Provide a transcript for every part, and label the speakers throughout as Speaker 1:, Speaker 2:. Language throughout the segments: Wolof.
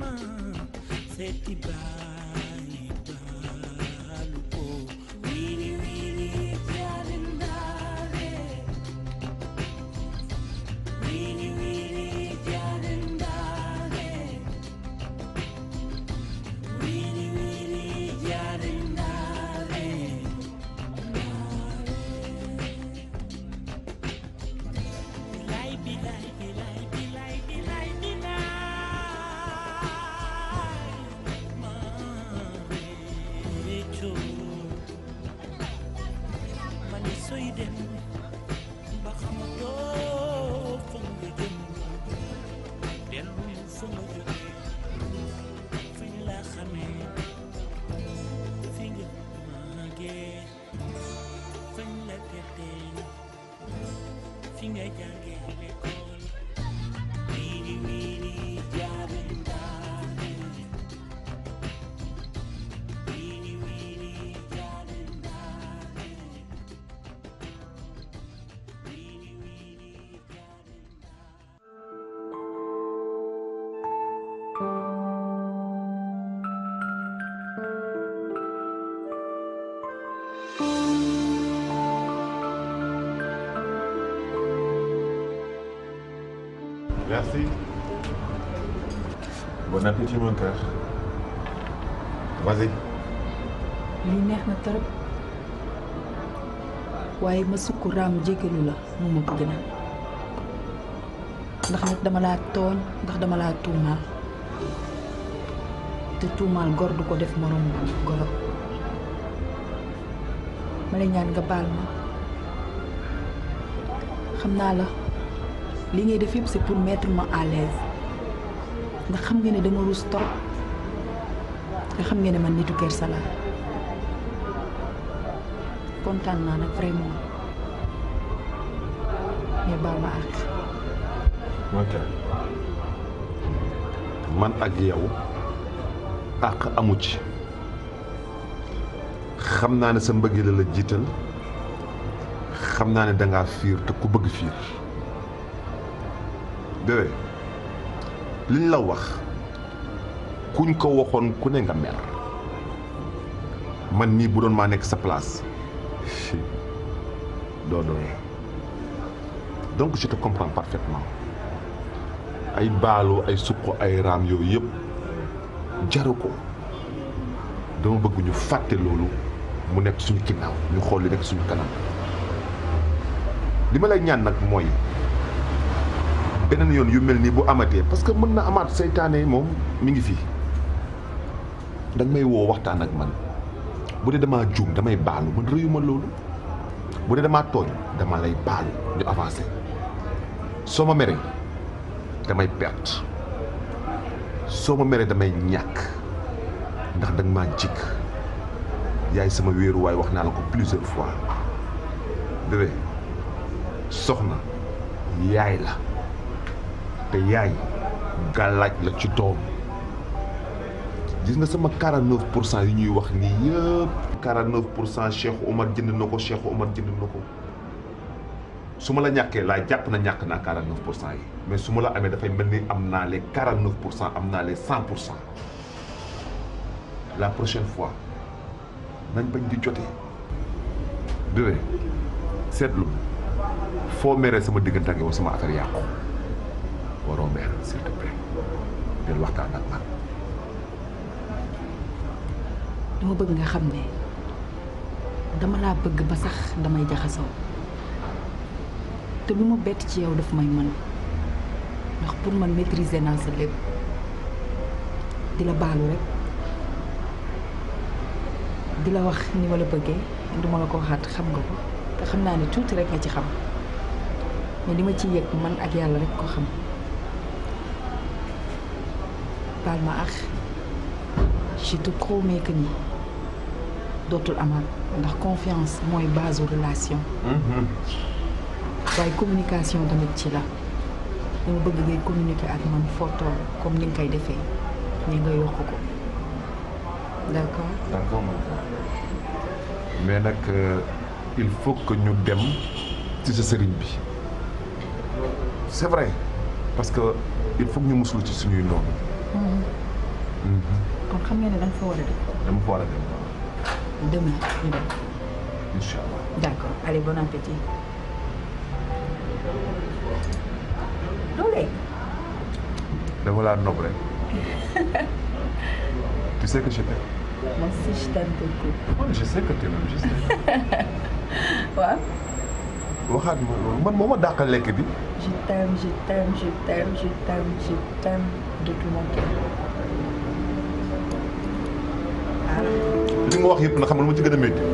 Speaker 1: ma seeti baay
Speaker 2: Merci. Bon appétit, mon cœur. Vas-y.
Speaker 3: lii neex na trop waaye ma sukk raam jéggalu la moo ma bëgg na ndax nag dama la tooñ ndax dama laa tuumaal te tuumaal gor du ko def moromu goro ma nga baal ma xam naa la li ngay def yëpp c'est pour mettre ma à l'aise xam nga ni dama ruus trop nga xam nga ni man nitu kersa laa kontaan naa nag vraiment
Speaker 2: mais man ak yow àq amu ci xam naa ni sa mbëggeel la jiital xam naa ne dangaa fiir te ku bëgg fiir. bébé liñ la wax kuñ ko waxoon ku ne nga mer man nii bu doon maa nekk sa place doo doon donc je te comprends parfaitement ay baalu ay suq ay raam yooyu yëpp jaru ko dama bëgg ñu fàtte loolu mu nekk suñu ginnaaw ñu xool li nekk suñu kanam li ma lay ñaan nag mooy. beneen yoon yu mel nii bu amatee parce que mën na amaat seytaane moom mi ngi fii danga may woo waxtaan ak man bu dee damaa juum damay baalu man rëyuma loolu bu dee damaa tooñ dama lay baalu ñu avancé soo ma meree damay perte soo ma meree damay ñàkk ndax danga maa jikk yaay sama wéeru wéeruwaay wax naa la ko plusieurs fois bébé soxna yaay la te yaay gàllaaj la ci doom gis nga sama 49 pour cent yi ñuy wax nii yëpp. 49 pour cent Cheikh Omar jënd na ko Cheikh Omar jënd ko su ma la ñàkkee laa jàpp na ñàkk naa 49 pour cent yi su ma la amee dafay mel ni am naa les 49 pour cent am naa les 100 pour cent la prochaine fois nañ bañ di jotee. bébé seetlu foo meree sama diggante ak yow sama affaire yàqu. waroo mer s'il
Speaker 1: del waxtaan ak man.
Speaker 3: dama bëgg nga xam ne dama laa bëgg ba sax damay jaxasoo te lu ma bett ci yow dafa may mën ndax pour man maîtriser naa sa lépp di la baalu rek di la wax ni ma la bëggee duma la ko waxaat xam nga ko te xam naa ne tuuti rek nga ci xam mais li ma ci yëg man ak yàlla rek ko xam. baal ma ax je te promets que ni dootul amaat ndax confiance mooy base relation. Mhm. waaye communication tamit ci la dama bëgg ngay communiquer ak man footoo comme ni nga koy defee ni nga yokk ko d'accord.
Speaker 4: d'accord
Speaker 2: mais euh, il faut que ñu dem ci sa sëriñ bi c'est vrai parce que il faut ñu muslu ci suñuy noonu.
Speaker 3: kon xam nga ne da nga fa war a dem. dama fa allah d'accord allez bon appétit. loolee.
Speaker 2: dama laa nopp rek. tu sais que je t'aime.
Speaker 3: moi aussi je t'aime tu m'aimes je sais. waaw.
Speaker 2: waxaat man moo ma dàqal bi.
Speaker 3: je t'aime je t'aime je t'aime je documenté.
Speaker 2: Ah. li nga wax yëpp na xam nga lu ma ci gën a métti.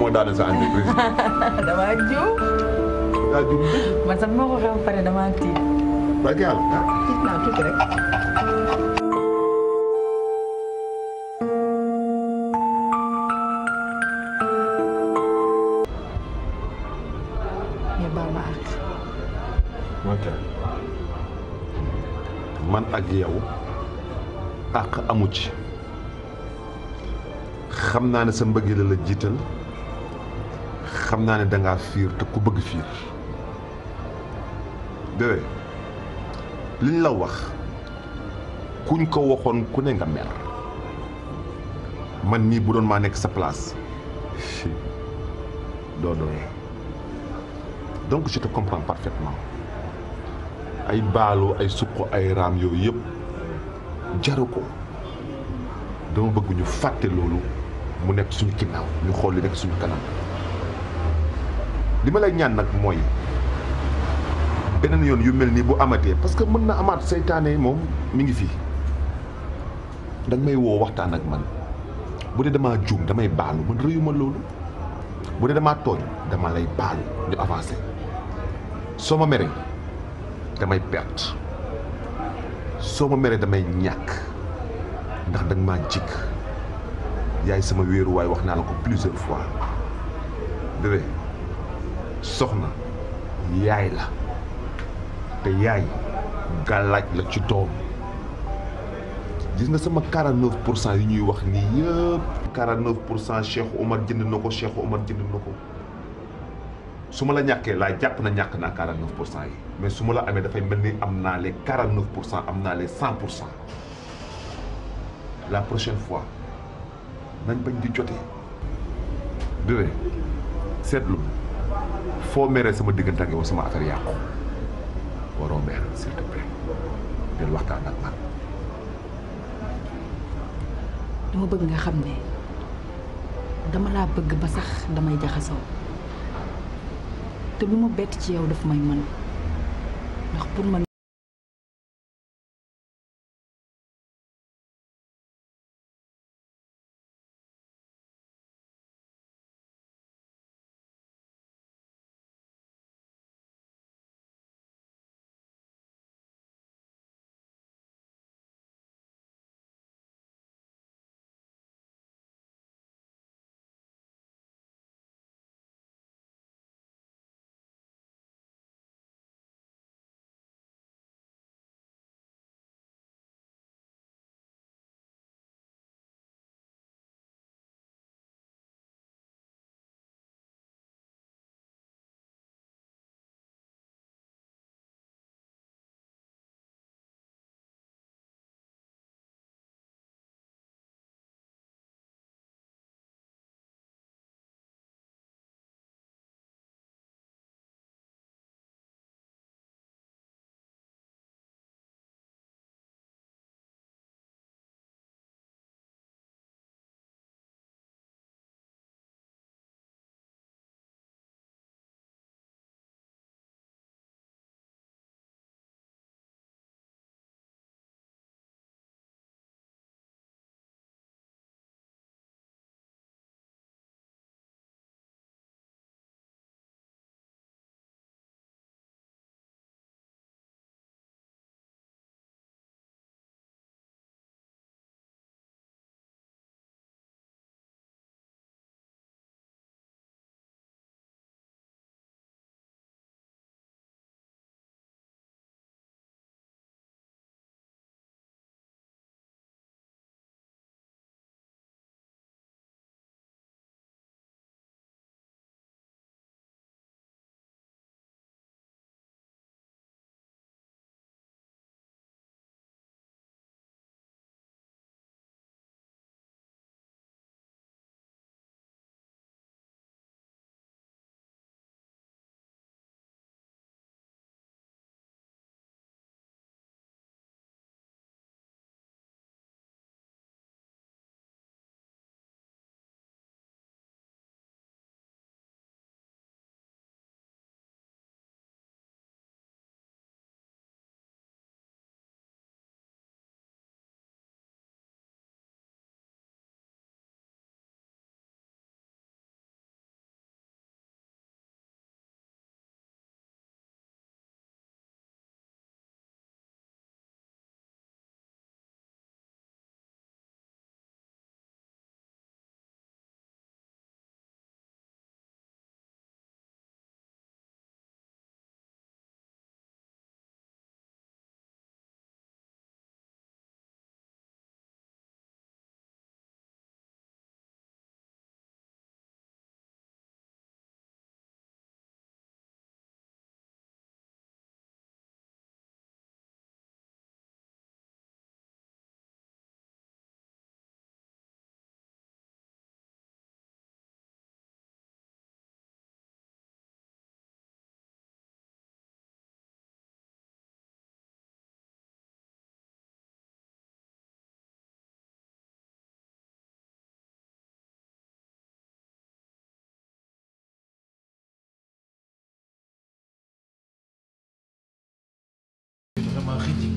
Speaker 2: moo daane sa entreprise.
Speaker 3: damaa jiw. daa jiw. man sax moo ko xam pare damaa tiit. barke yàlla. tiit naa tuuti rek.
Speaker 2: ak yow àq amu ci xam naa ne sa mbëggeel la jiital xam naa ne danga fiir te ku bëgg fiir bébé liñ la wax kuñ ko waxoon ku ne nga mer man nii bu doon maa nekk sa place doo doon donc je te comprends parfaitement ay baalu ay suq ay raam yooyu yëpp jaru ko dama bëgg ñu fàtte loolu mu nekk suñu ginnaaw ñu xool li nekk suñu kanam li ma lay ñaan nag mooy beneen yoon yu mel nii bu amatee parce que mën na amaat seytaane moom mi ngi fii dañ may woo waxtaan ak man bu dee damaa juum damay baalu man rëyuma loolu bu dee damaa tooñ dama lay baalu ñu avancé soo ma meree damay perte soo ma meree damay ñàkk ndax danga maa jikk yaay sama wéeruwaay wax naa la ko plusieurs fois bébé soxna yaay la te yaay gàllaaj la ci doom gis nga sama 49 pour cent yi ñuy wax nii yëpp 49 pour cent Cheikh Omar jënd na ko Cheikh Omar jënd na ko su ma la ñàkkee laa jàpp na ñàkk naa 49 pour cent yi mais su ma la amee dafay mel ni am naa les 49 pour cent am naa les 100 pour cent la fois nañ bañ di jotee. seetlu foo meree sama diggante ak yow sama affaire yàqu waroo meer s'il te del waxtaan
Speaker 3: ak man. dama bëgg nga xam ne dama laa bëgg ba sax damay jaxasoo. te lu ma bett ci yow daf may mën ndax pour man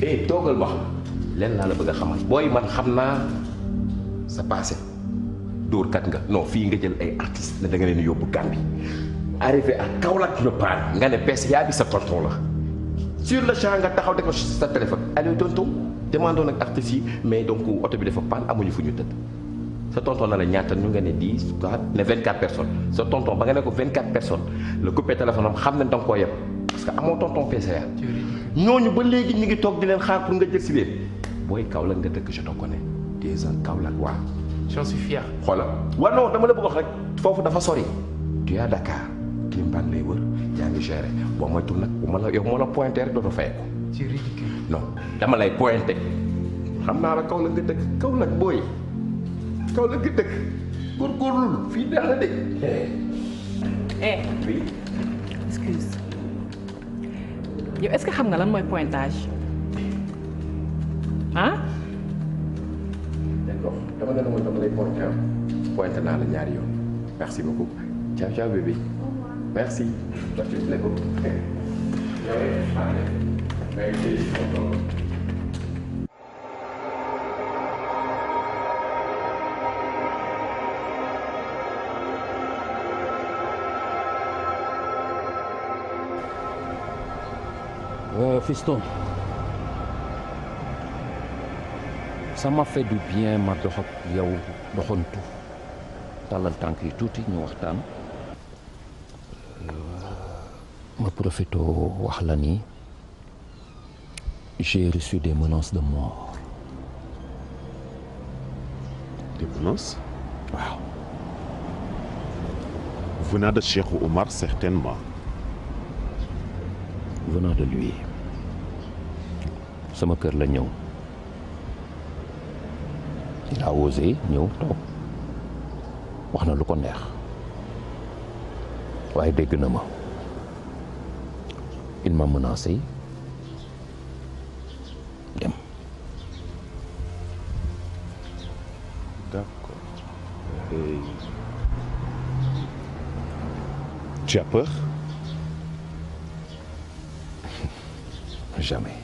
Speaker 5: eh toogal wax
Speaker 1: lenn laa la bëgg a xamal booy man xam naa sa passé dóorkat nga non fii nga jël ay artistes ne da nga leen yóbbu Gambie arrivé à Kaolack le paan nga ne bees yaa bi sa tonton la sur le champ nga taxaw def sa téléphone allo tonton demandoo nag artistes yi mais donc oto bi dafa paan amuñu fu ñu tëdd sa tonton na la ñaata ñu nga ne 10 ne 24 personnes sa tonton ba nga ne ko 24 personnes la coupé téléphone xam ne da koo yeb parce que amoo tonton PCA. ñooñu ba léegi ñu ngi toog di leen xaar pour nga jël si booy Kaolack nga dëkk je te connais des ans Kaolack waa. j'en suis fier. xoolal waaw non foofu dafa sori. tu es à Dakar Kilimban lay boo moytuwul nag bu ma la yow moo la pointé rek dootoo fay ko. c'est ridicule. non dama xam naa la Kaolack nga dëkk nag booy. kaw la gën dëkk góorgóorlu fii neex la de. eh oui. excuse
Speaker 6: yow est-ce que xam nga lan mooy pointage
Speaker 1: ah. d'accord dama ne la mooy dama lay naa la ñaari yoon merci beaucoup ciao ciao bébé merci.
Speaker 4: fiston. Ça m'a fait du bien ma dox ak yow doxantu tàllal tànk yi tuuti ñu waxtaan. Euh, ma profito wax la ni j'ai reçu des menaces de mort.
Speaker 2: des menaces. waaw. venant de Cheikh Oumar certainement. venant lui. sama kër la ñëw
Speaker 4: il a osé ñëw toog wax na lu ko neex waaye dégg na ma il m'a menacé dem.
Speaker 2: d'accord. Et... tu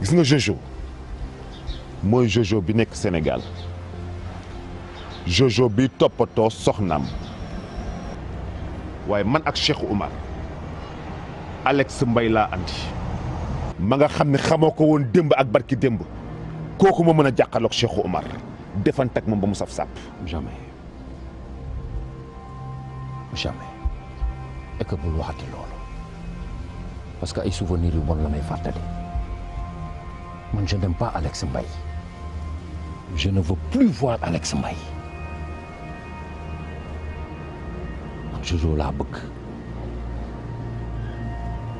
Speaker 2: gis nga Jojo mooy Jojo bi nekk Sénégal Jojo bi toppatoo soxnaam waaye man ak Cheikh Oumar Alex Mbaye laa andi ma nga xam ne xamoo ko woon démb ak barki démb kooku ma mën a jàqaloog Cheikh Oumar defantak moom ba mu saf sàpp jamais jamais
Speaker 4: et que bul loolu parce que ay souvenirs yu bon la may fàttali man je n'aime pas Alex Mbaye je ne veux plus voir Alex Mbaye man Jojo laa bëgg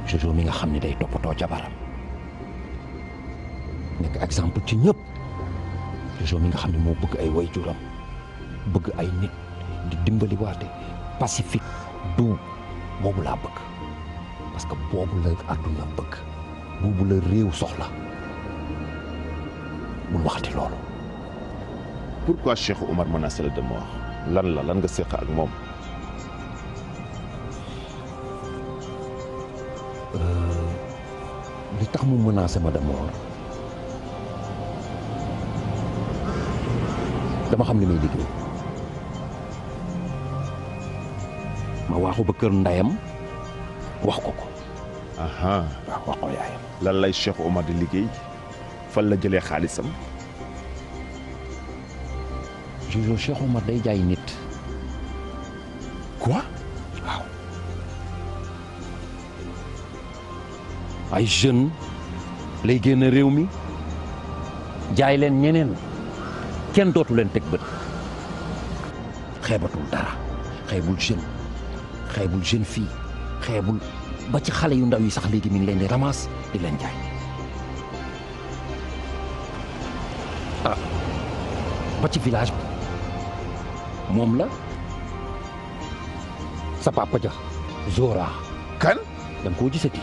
Speaker 4: Jojo mi nga xam ne day toppatoo jabaram nekk exemple ci ñëpp Jojo mi nga xam ne moo bëgg ay waajuram bëgg ay nit di dimbali waate pacifique du
Speaker 2: boobu laa bëgg parce que boobu la àdduna bëgg boobu la réew soxla bul waxati loolu. pourquoi Cheikh Oumar menacé la de mort lan la lan nga séq ak moom. Euh, li tax mu menacé
Speaker 4: ma de mort dama
Speaker 2: xam li may liggéey ma waaxu ba kër ndayam wax ko ko. waaw wax ko yaayam. lan lay Cheikh Oumar di liggéey. fan la jëlee xaalisam.
Speaker 4: je dis day jaay nit. quoi waaw. ay jeunes lay génn réew mi jaay leen ñeneen kenn dootu leen teg bët xeebatul dara xeebul jeune xeebul jeune fille xeebul ba ci xale yu ndaw yi sax léegi mi ngi leen di ramasse di leen jaay. ah ba ci village bi moom la sa papa ja Zora. kan da nga koo gisati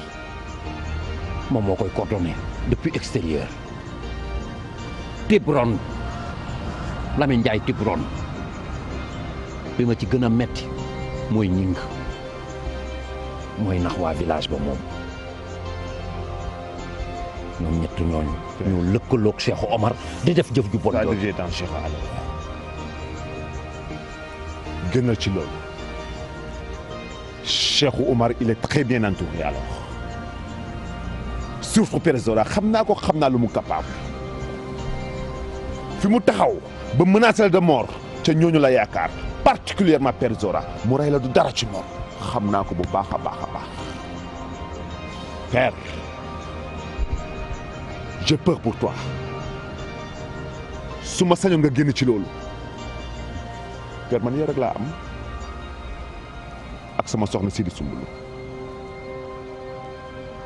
Speaker 4: moom moo koy coordonné depuis extérieur Tibron Lamine Ndiaye Tibron bi ma ci gën a metti mooy ñing mooy nax waa village ba moom ñoom ñett ñooñu. ñu lëkkaloog Cheikh Omar di def jëf ju bon yooyu.
Speaker 2: gënal ci loolu. Cheikh Omar il est très bien entouré alors. surtout Pérez Dora xam naa ko xam naa lu mu capable. fi mu taxaw ba mën menacé de mort ca ñooñu la yaakaar particulièrement Pérez Dora mu rey la du dara ci moom xam naa ko bu baax a baax a baax. père. j'ai peur pour toi su ma sañoon nga génne ci loolu per man yow rek laa am ak sama soxna Sidi Sumbulu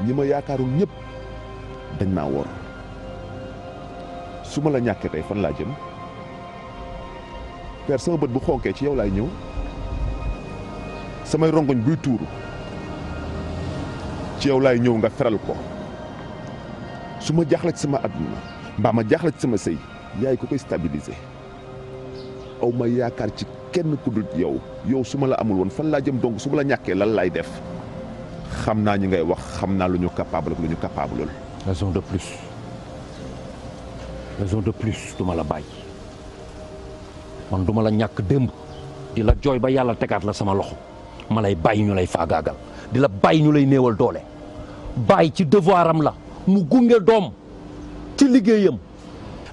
Speaker 2: ñi ma yaakaarul ñëpp dañ maa wor su ma la ñàkkee tey fan laa jëm per sama bët bu xonkee ci yow laay ñëw samay rongoñ buy tuuru ci yow laay ñëw nga feral ko su ma jaaxle ci sama adduna mbaa ma jaaxle ci sama sëy yaay ko koy stabiliser aw ma yaakaar ci kenn ku dul yow yow su ma la amul woon fan laa jëm donc su ma la ñàkkee lan laay def xam naa ñi ngay wax xam naa lu ñu capable ak lu ñu capable raison de plus raison de plus duma la bàyyi
Speaker 4: man duma la ñàkk démb di la jooy ba yàlla tegaat la sama loxo ma lay bàyyi ñu lay faagaagal di la bàyyi ñu lay néewal doole bàyyi ci devoiram la mu gunge doom ci liggéeyam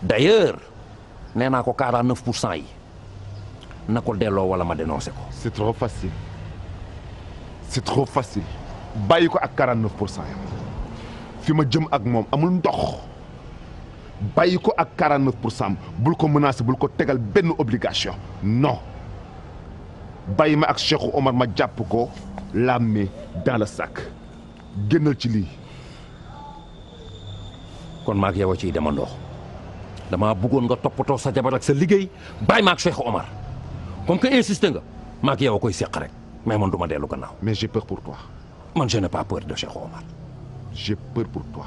Speaker 4: d'ailleurs nee naa ko 49 pour cent yi
Speaker 2: na ko delloo wala ma dénoncé ko. c'est trop facile c'est trop facile bàyyi ko ak 49 pour cent fi ma jëm ak moom amul ndox bàyyi ko ak 49 pour cent bul ko menacé bul ko tegal benn obligation non bàyyi ma ak Cheikh Omar ma jàpp ko làmmee dans le sac génnal ci lii.
Speaker 4: kon maak yow a ciy demandoo damaa bëggoon nga toppatoo sa jabar ak sa liggéey bàyyi maak Cheikh Omar comme que insisté nga maak yow a koy seq rek mais man du ma dellu gannaaw. mais j'ai pour toi. man je n'ai pas peur de Cheikh Omar. j'ai peur pour toi.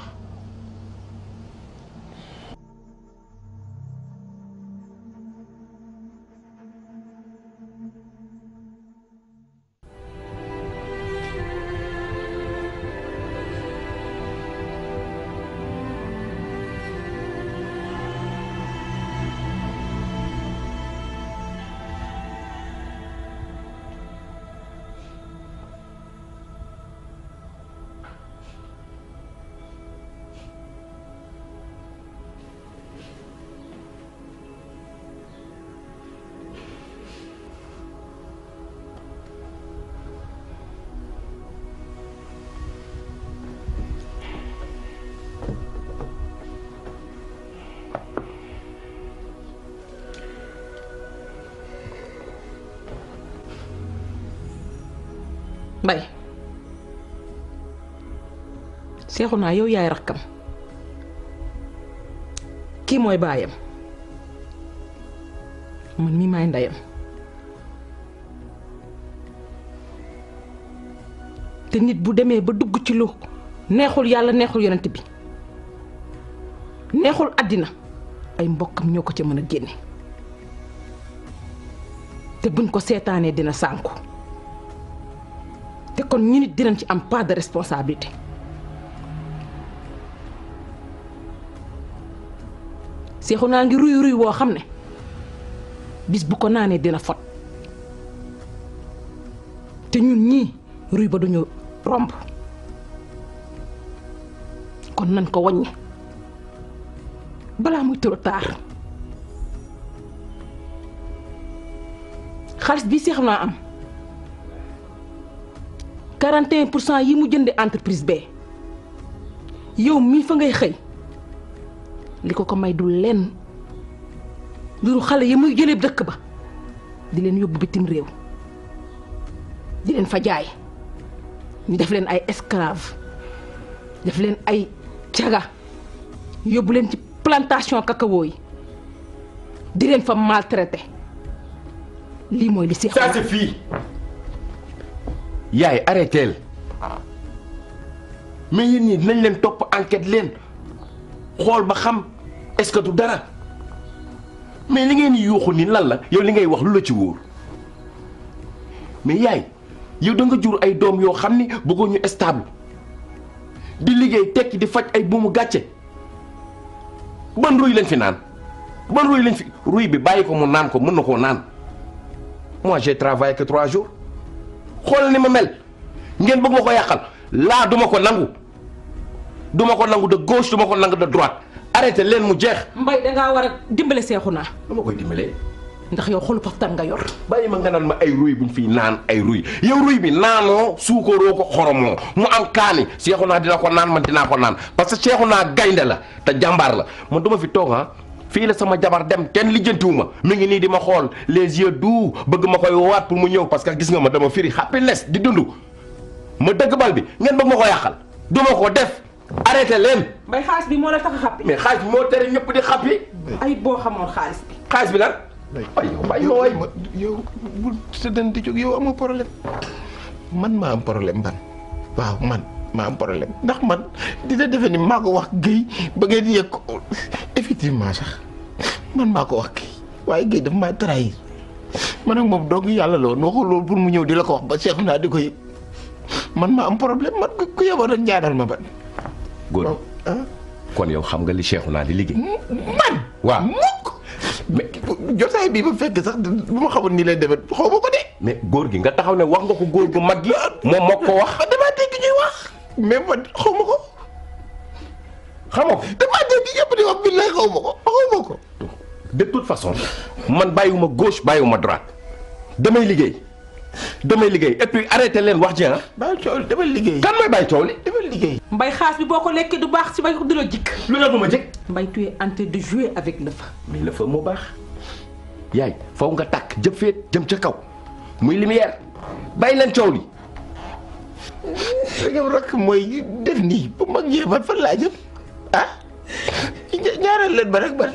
Speaker 6: naa yow yaay rakkam kii mooy baayam man mii maay ndeyam te nit bu demee ba dugg ci lu neexul yàlla neexul yonent bi neexul àddina ay mbokkam ñoo ko ca mën a génne te buñ ko seetaanee dina sànku te kon ñu nit dinañ ci am part de responsabilité seexu naa ngi ruy ruy woo xam ne bis bu ko naanee dina fot te ñun ñii ruy ba duñu romb kon nañ ko wàññi balaa muy trop tard xaalis bi seexu naa am 41 pour cent yi mu jënd entreprise bee yow mii fa ngay xëy li ko ko may du lenn mbiru xale yi muy jëlee dëkk ba di leen yóbbu bitim réew di leen fa jaay ñu def leen ay esclave def leen ay caga yóbbu leen ci plantation cacao yi di leen fa maltraité
Speaker 1: lii mooy li si ça c'est fii yaay arrêteel ah. mais yéen ñi dinañ leen topp enquête leen xool ba xam est-ce que du dara mais li ngeen yuuxu ni lan la yow li ngay wax lu la ci wóor mais yaay yow da nga jur ay doom yoo xam ni bëggoon ñu stable di liggéey tekki di faj ay buumu gàcce ban ruy lañ fi naan ban ruy lañ fi ruy bi bàyyi ko mu naan ko mën na koo naan moi j'ai travaillé que trois jours xool ni ma mel ngeen bëgg ma ko yàqal laa duma ko nangu duma ko nangu de gauche du ma ko nangu de droite arrêté leen mu jeex.
Speaker 6: Mbaye da ngaa war a dimbale seexu naa. lu ma koy dimbalee. ndax yow xolu paftan nga yor.
Speaker 1: bàyyi ma nga naan ma ay ruy bu ñu fiy naan ay ruy yow ruy bi naanoo suukaroo ko xoromoo mu am kaani seexu naa dina ko naan man dinaa ko naan parce que seexu naa gaynde la te jàmbaar la man duma fi toog ah. fii la sama jabar dem kenn lijjantiwu ma mi ngi nii di ma xool les yeux doux bëgg ma koy waat pour mu ñëw parce que gis nga ma dama firi happiness di dund ma dëgg bal bi ngeen bëgg ma ko yàqal du ma ko def. arrêté leen. mbay xaalis bi moo la tax a mais xaalis bi moo tere ñëpp di xàppi. ay boo xamoon xaalis bi. xaalis bi lan. ay yow ay yow bu séddante jóg yow amoo problème man maa am problème ban waaw man maa am problème ndax man dina defe ni maa ko wax Guèye ba ngeen yegg ko sax maa ko wax Guèye waaye Guèye daf maa trahir man ak moom dong yàlla la woon waxul loolu pour mu ñëw di la ko wax ba seetlu naa di ko yëg man maa am problème man ku yeboo rek ma ban. góor oh, ah. kon yow xam nga li Cheikhu naa di liggéey. man waaw mukk mais jotaay bii ba fekk sax bu ma xamul nii lay demee xaw ma ko de. góor gi nga taxaw ne wax nga ko góor gu mag gi. moom ko wax. Ah, damaa dégg ñuy wax. mais man xaw ma ko. xamoo ko de toute façon man bàyyiwuma gauche bàyyiwuma droite damay liggéey. damay liggéey et puis leen wax ji ah. bàyyi coow li damay liggéey. kan mooy bàyyi coow liggéey.
Speaker 6: mbay xaas bi boo ko lekkee du baax si mbay du la jikk. lu la ma jëkk. mbay tu es en train de jouer avec
Speaker 1: le feu. moo baax. yaay faw nga takk jëm féet jëm ca kaw muy lumière bàyyi leen coow li. rek mooy def nii bu mag ñëwee fan laa jëm ah ñaareel leen ba rek ba.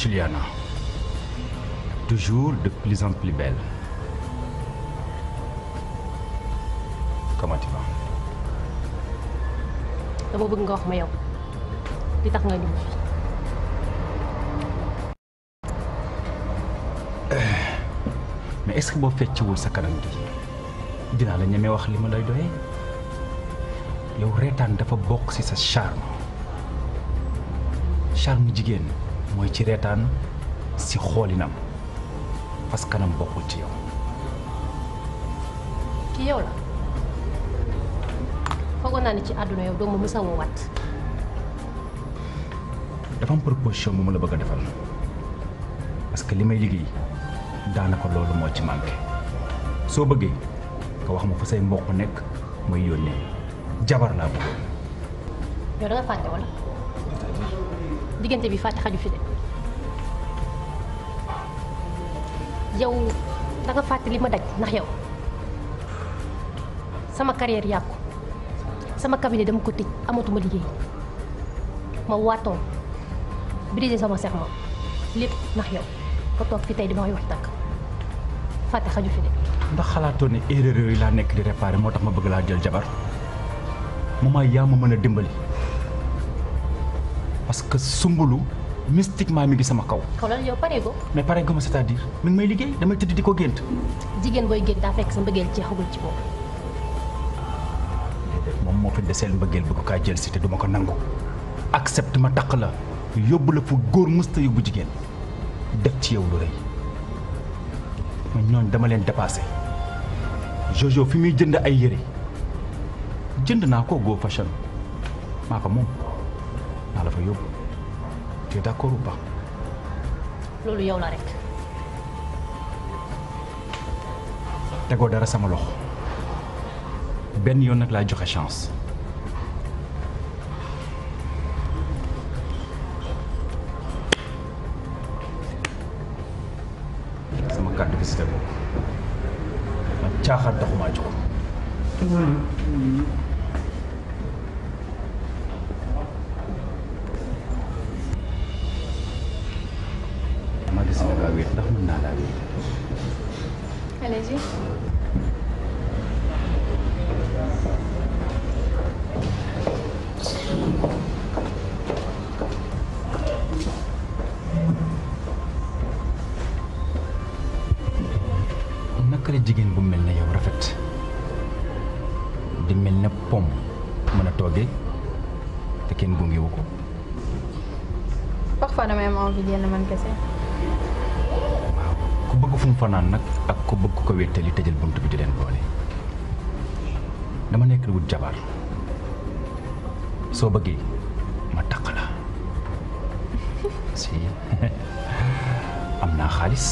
Speaker 5: Juliana, toujours de plus en plus belle.
Speaker 7: dama bëgg nga wax ma yow li tax nga ñëw fi.
Speaker 5: Euh, mais est-ce boo feccewul sa kanam gi dinaa la ñeme wax li ma lay doyee yow reetaan dafa bokk ci sa charme charme jigéen. mooy ci reetaan si xoolinam parce que kanam bokkul ci yow.
Speaker 7: ki yow la foogoon naa ne ci àdduna yow doomu mës a woowaat.
Speaker 5: dafa am proposition bu ma la bëgg a defal parce que li may liggéey daanaka loolu moo ci manqué soo bëggee nga wax ma fa say mbokk nekk mooy yónnee jabar laa bëgg.
Speaker 7: yow da nga fàtte diggante bi fàtte xaju fi de yow da fàtte li ma daj ndax yow sama carrière yàqu sama cabinet dama ko tëj amatuma liggéey ma waatoon brisé sama serment lépp ndax yow ko toog fi tey di ma koy wax tàkk fàtte xaju fi
Speaker 5: ndax xalaatoo ne erreur yooyu laa nekk di réparé moo tax ma bëgg laa jël jabar moomaa yaa ma mën a dimbali parce que Soumboulou mystiquement mi ngi sama kaw.
Speaker 7: xoolal yow pare go.
Speaker 5: mais pare go ma cest mi ngi may liggéey damay tëdd di ko gént.
Speaker 7: jigéen booy gént daa fekk sa mbëggeel jeexagul ci boobu.
Speaker 5: moom moo fi deseel mbëggeel bëgg kaa jël si te duma ko nangu. accepte ma taq la yóbbu la fu góor mësta yóbbu jigéen def ci yow lu rëy man ñooñ dama leen dépassé Jojo fi muy jënd ay yére jënd naa ko go fashion maa ko moom. fa yóbbu tu es d'accord
Speaker 7: loolu yow la rek.
Speaker 5: tegoo dara sama loxo benn yoon nag laa joxe chance. sama kàddu gi si tegoo man caaxaan taxumaa jox. wéet ndax mën y naka la jigéen bu mel ne yow rafet di mel ne pom mën a toogee te kenn gungewu ko.
Speaker 3: parfois damay am envie génn man kese.
Speaker 5: kum fanaan nag ak ku bëgg ko wéttali tëjal bunt bi di leen boole dama nekk wut jabar soo bëggee ma takk la si am naa xaalis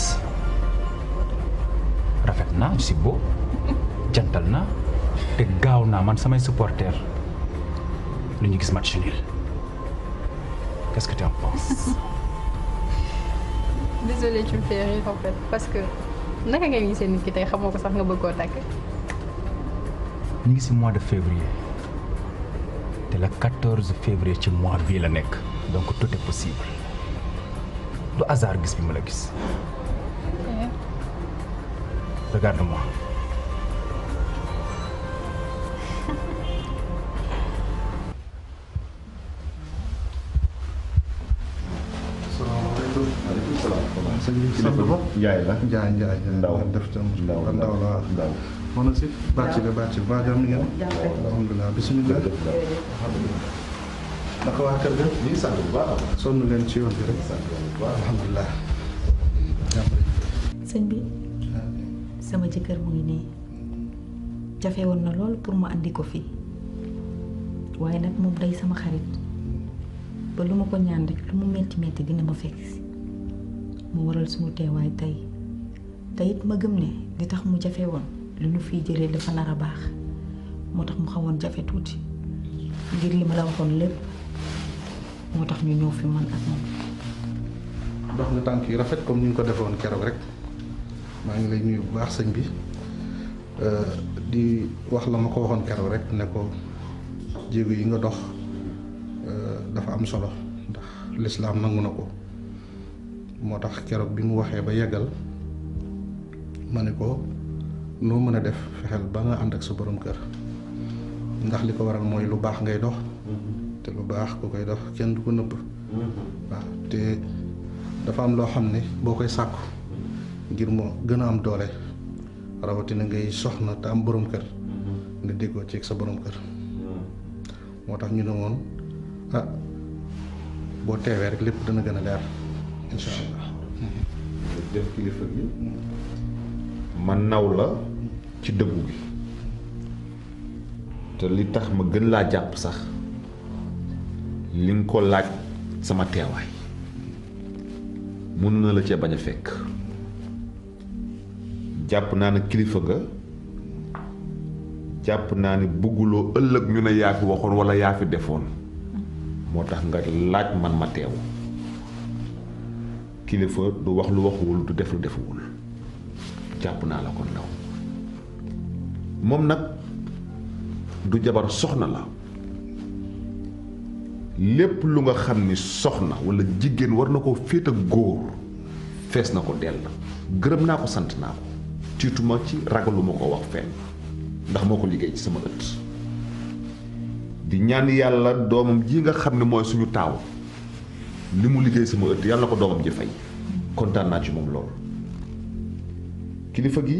Speaker 5: rafet naa si boo jantal naa te gaaw naa man samay supporter lu ñu gis match nul qu'est-ce que tu en penses
Speaker 3: désolée parce que naka ngay gisee nit ki tey xamoo ko sax nga bëgg koo takk.
Speaker 5: ñu ngi si mois de février te la 14 février ci mois bii la nekk donc tout est possible du hasard gis bi ma la gis. regarde-moi.
Speaker 8: sëñ bi sant ba Njaay la Njaay Njaay Ndaw def tam Ndaw Ndaw la Ndaw mën na si ba jàmm ngeen alhamdulilah bisimilah naka waa kër ga ñu sant bu leen ci yoon bi rek sant bu baax alhamdulilah
Speaker 3: sëñ sama jëkkër mu ngi nii woon na lool pour ma andi ko fii waaye nag moom day sama xarit ba lu ma ko ñaan rek lu mu metti metti dina ma fekk si moo waral suñu teewaay tey te it ma gëm ne di tax mu jafe woon li ñu fiy jëlee dafa nar a baax moo tax mu xawoon jafe tuuti ngir li ma la waxoon lépp moo tax ñu ñëw fi man ak moom.
Speaker 8: dox nga tànk yu rafet comme ni ñu ko defee woon keroog rek maa ngi lay nuyu bu baax sëñ bi euh, di wax la ma ko waxoon keroog rek ne ko jéego yi nga dox euh, dafa am solo ndax lislaam nangu na ko. moo tax keroog bi mu waxee ba yeggal ma ne ko noo mën a def fexeel ba nga ànd ak sa boroom kër ndax li ko waral mooy lu baax ngay dox te lu baax ku koy dox kenn du ko nëbb waaw te dafa am loo xam ne boo koy sàkku ngir moo gën a am doole rawatina ngay soxna te am borom kër nga déggoo ci sa borom kër moo tax ñu ne woon ah boo teewee rek lépp dana gën a leer incha allah. ma naw la ci
Speaker 2: dëggu gi te li tax ma gën laa jàpp sax li nga ko laaj sama teewaay mën na la cee bañ a fekk jàpp naa ne kilifa nga jàpp naa ne bëgguloo ëllëg ñu ne yaa fi waxoon walla yaa fi defoon moo tax nga laaj man ma teew kilifa du wax lu waxuwul du def lu defuwul jàpp naa la ko ndaw moom nag du jabar soxna la lépp lu nga xam ni soxna walla jigéen war na ko féeta ak góor fees na ko dell gërëm naa ko sant naa ko tiituma ci ragaluma ko wax fenn ndax moo ko liggéey ci sama ëtt di ñaan yàlla doomam ji nga xam ne mooy suñu taaw li mu liggéey sama ëtt yàlla na ko doomam ji fay kontaan naa ci moom loolu kilifa gi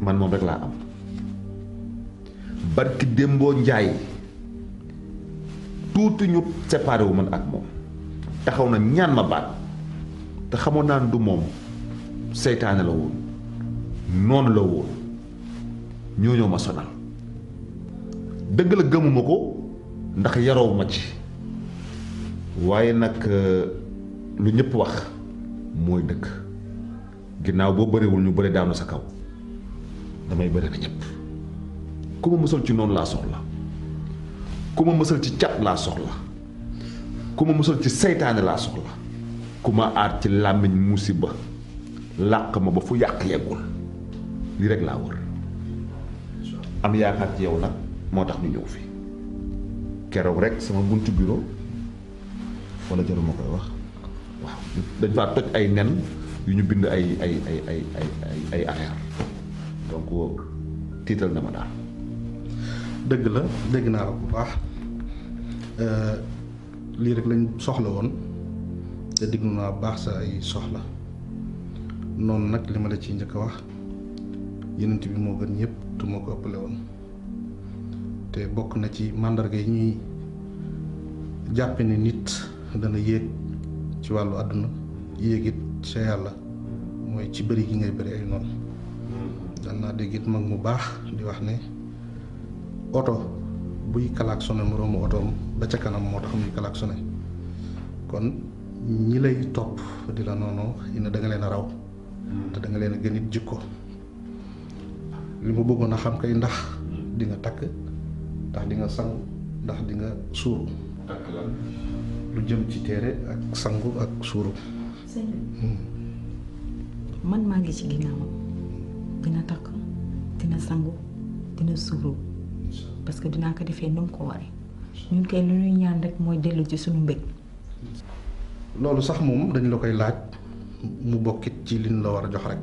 Speaker 2: man moom rek laa am barki démboo njaay tuuti ñu séparé wu man ak moom taxaw na ñaan ma baat te xamoon naa du moom seytaane la woon noonu la woon ñoo ma sonal dëgg la gëmuma ko ndax yaroo ci waaye nag euh, lu ñëpp wax mooy dëkk ginnaaw boo bëriwul ñu bëri daanu sa kaw damay bëri na ñëpp ku ma mësal ci noonu laa soxla ku ma mësal ci cat laa soxla ku ma mësal ci seytaane laa soxla ku ma aar ci làmmiñ musiba làq ma ba fu yàq yeggul lii rek laa wër am yaakaar ci yow nag moo tax ñu ñëw fi keroog rek sama bunt bureau wala jarul ma koy wax waaw dañ faa toj ay nen yu ñu bind ay ay ay ay ay ay ay affaire donc
Speaker 8: tiital na ma daal. dëgg la dégg naa la bu baax euh, lii rek lañ soxla woon te diggu naa baax sa ay soxla noonu nag li ma la ciy njëkk a wax yenent bi moo gën ñëpp te moo ko ëppale woon te bokk na ci màndarga yi ñuy jàppe ne nit. dana yéeg ci wàllu àdduna yéeg it yàlla mooy ci bëri gi ngay bëri ay noonu daan naa dégg it mu baax di wax ne oto buy klaxonné moroomu otoom ba ca kanam moo tax muy klaxonné kon ñi lay topp la noonu xëy leen a raw te da leen a gën it jikko li mu bëggoon a xam kay ndax di nga takk ndax di nga sang ndax dinga nga lu jëm ci téere ak sangu ak suuru. sëñ hmm.
Speaker 3: man maa ngi ci ginnaawam dina takk dina sangu dina suuru parce que dinaa ko defee nu mu ko waree ñun kay lu ñuy ñaan rek mooy dellu ci suñu mbég.
Speaker 8: loolu sax moom dañ la koy laaj mu bokkit ci liñ la war a jox rek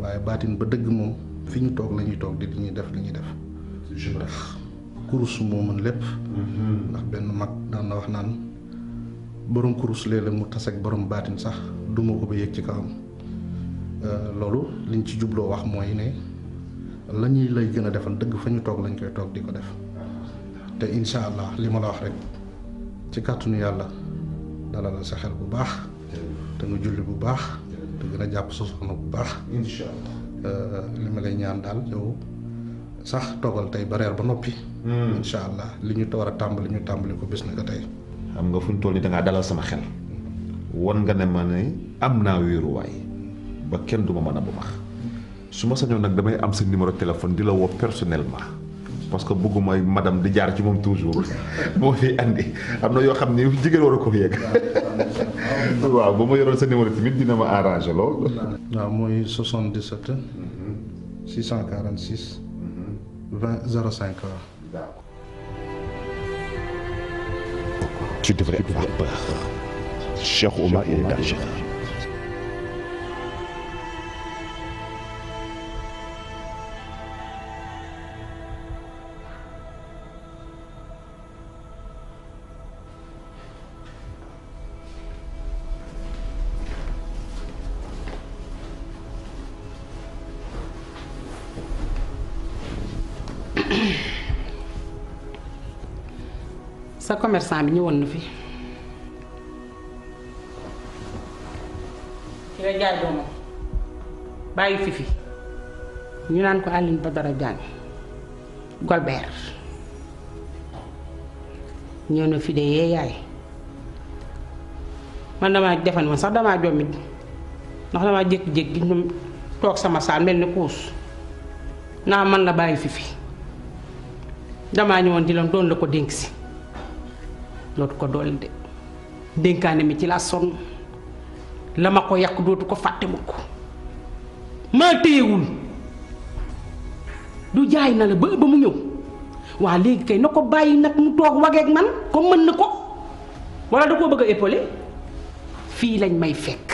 Speaker 8: waaye baatin ba dëgg moom fi ñu toog lañuy toog di li ñuy def li ñuy def. ndax kurus moo mën lépp. Mm-hmm. ndax benn mag daan na wax naan. borom kurus léeg-léeg mu tas ak borom baatin sax duma ko ba yëg ci kawam euh, loolu liñ ci jubloo wax mooy ne la ñuy lay gën a defal dëgg fa ñu toog lañ koy toog di ko def te incha allah li ma la wax rek ci kàttanu yàlla dalal sa bu baax te nga bu baax te a jàpp sa soxna bu baax. incha allah euh, li ma lay ñaan daal yow sax toogal tey ba reer ba noppi. Hmm. incha allah li ñu war a tàmbali ñu tàmbali ko bis na ko tey.
Speaker 2: xam nga fu ñu toll nii da ngaa dalal sama xel won nga ne ma ne am naa wéeruwaay ba kenn du ma mën a bu max su ma sañoon nag damay am sa numéro téléphone di la woo personnellement parce que bëgguma madame di jaar ci moom toujours boo fi andi am na yoo xam ne jigéen war ko ko yegg waaw ba ma yoroon sa numéro tamit dina ma arrangé lool.
Speaker 8: waaw mooy 77. 646. 20 05 waaw.
Speaker 2: Tu devrais avoir peur. Cher Omar, il est dangereux.
Speaker 6: sa commerçant bi ñëwoon na fi. ki la jaay doomam bàyyi fi fi ñu naan ko Alioune dara Diagne Golbert ñëw na fi de yee yaay man damaa defan man sax damaa jommit ndax damaa jékki-jékki ñu toog sama saal mel ni kuus naa man la bàyyi fi fi damaa ñëwoon di la doon la ko dénk si dootu ko doole de dénkaane mi ci laa sonn la ma ko yàq dootu ko fàtte ma ko maa téyewul du jaay na la ba ba mu ñëw waa léegi kay na ko bàyyi nag mu toog wageeg man comme mën na ko walla du koo bëgg a fii lañ may fekk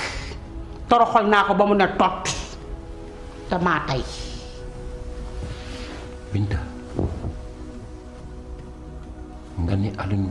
Speaker 6: toroxal naa ko ba mu ne tot te maa tey
Speaker 4: nga ne Alioune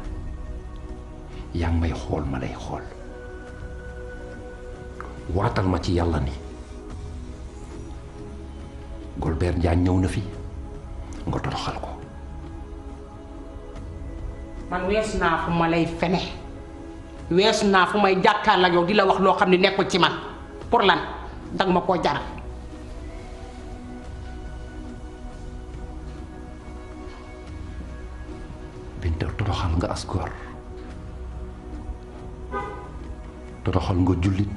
Speaker 4: yaa may xool ma lay xool waatal ma ci yàlla ni Golbert jaa ñëw na fi nga toroxal ko
Speaker 6: man weesu naa fu ma lay fene weesu naa fu may jàkkaar la yow di la wax loo xam ne nekkul ci man pour lan danga ma koo jaral
Speaker 4: toroxal nga jullit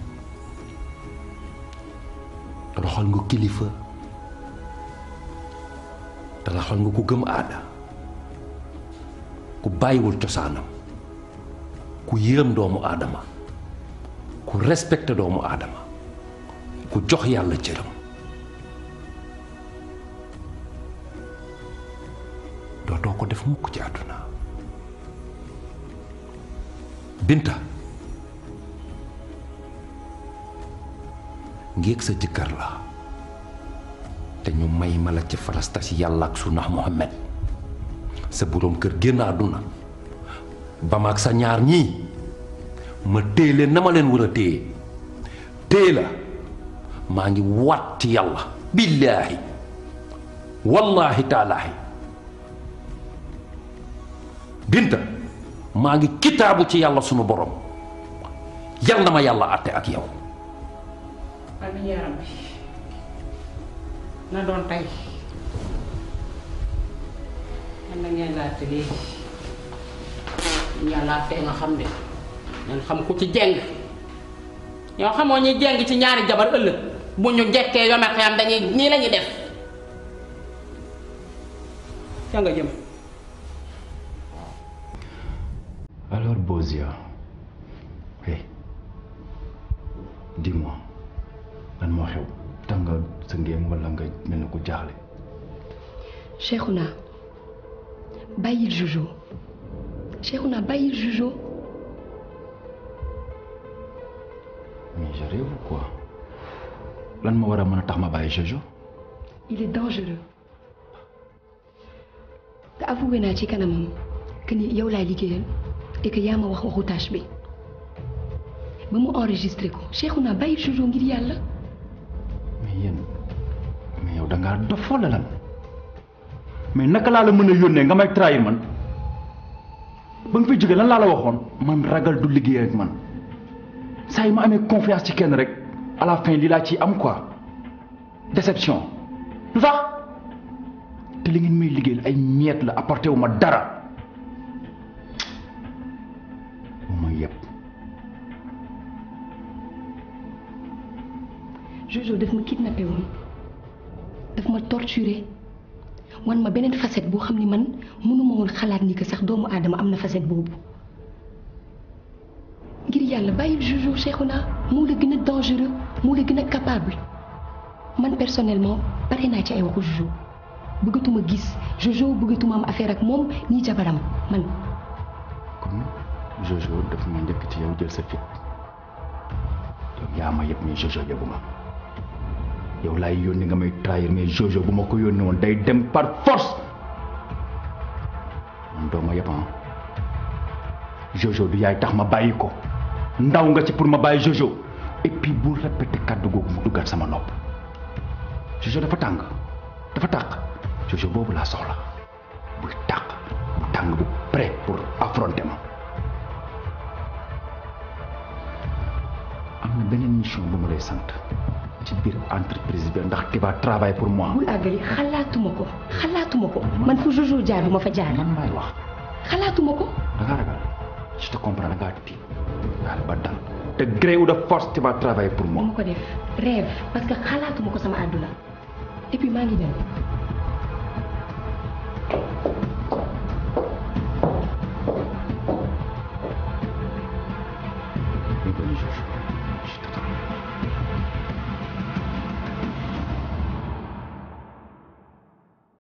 Speaker 4: toroxal nga kilifa toroxal nga ku gëm aada ku bàyyiwul cosaanam ku yërëm doomu aadama ku respecté doomu aadama ku jox yàlla cëram dootoo ko def mukk ci àdduna Binta ngeeg sa jëkkër la te ñu may ma la ci falastas yàlla ak sunna Muhammad sa boroom kër génn àdduna ba ma ak sa ñaar ñii ma téye leen na ma leen war a téye téye la maa ngi waat ci yàlla billaahi wallaahi taalaahi binta maa ngi kitaabu ci yàlla sunu boroom yal na ma yàlla àtte ak yow
Speaker 6: amiin yaa rabbi na doon tey man na ngeen laajte lii ñaa laajte nga xam ne ngeen xam ku ci jeng yow xamoo ñuy jeng ci ñaari jabar ëllëg bu ñu jekkee yomet am dañuy nii lañuy def
Speaker 5: ca jëm alors Bosia hey dis-moi lan moo xew tax nga sa ngéem wala nga mel na ku jaaxle.
Speaker 3: Cheikhouna bàyyil Jojo Cheikhouna bàyyil Jojo.
Speaker 5: mais je rêve quoi lan ma war a mën a tax ma bàyyi Jojo.
Speaker 3: il est dangereux te avoué naa ci kanamam que yow laa liggéeyal et que yaa ma wax waxu tâche bi ba mu enregistré ko Cheikhouna bàyyil Jojo ngir yàlla.
Speaker 5: dangaa dof wala lan mais naka laa la mën a yónnee nga may trahir man ba nga fi jógee lan laa la waxoon man ragal du liggéey ak man saa yi ma amee confiance ci kenn rek à li laa ci am quoi déception lu tax te li ngeen may liggéeyal ay miettes la apporté wu ma dara bu ma yëpp
Speaker 3: daf ma torturé wan ma beneen facette boo xam ni man mënuma woon xalaat ni que sax doomu aadama am na facette boobu ngir yàlla bàyyil Jojo Cheikhouna moo la gën a dangereux moo la gën a capable man personnellement pare naa ci ay waxu Jojo bëggatuma gis Jojo bëggatuma am affaire ak moom nii jabaram man
Speaker 5: comme Jojo daf ma njëkk ci yow jël sa fit yaa ma yëpp mais Jojo yëbbu yow laay yónni nga may trahir mais Jojo bu ma ko yónni woon day dem par force man doo ma ah. du yaay tax ma bàyyi ko ndaw nga ci pour ma bàyyi Jojo et puis bu répété kàddu googu mu duggaat sama nopp Jojo dafa tàng dafa tàq Jojo boobu laa soxla buy tàq bu tàng bu prêt pour affronter am na beneen mission bu ma lay sant ci biir entreprise bi ndax tu vas pour moi. bul
Speaker 3: àggali xalaatuma ko xalaatuma ko man fu Jojo jaar du ma fa jaar. man maay wax. xalaatuma ko.
Speaker 5: da ngaa ragal je te comprends da ngaa tiit daal ba dal te gré ou de force tu pour moi.
Speaker 3: ma rêve parce que xalaatuma ko sama àdduna et puis maa ngi dem.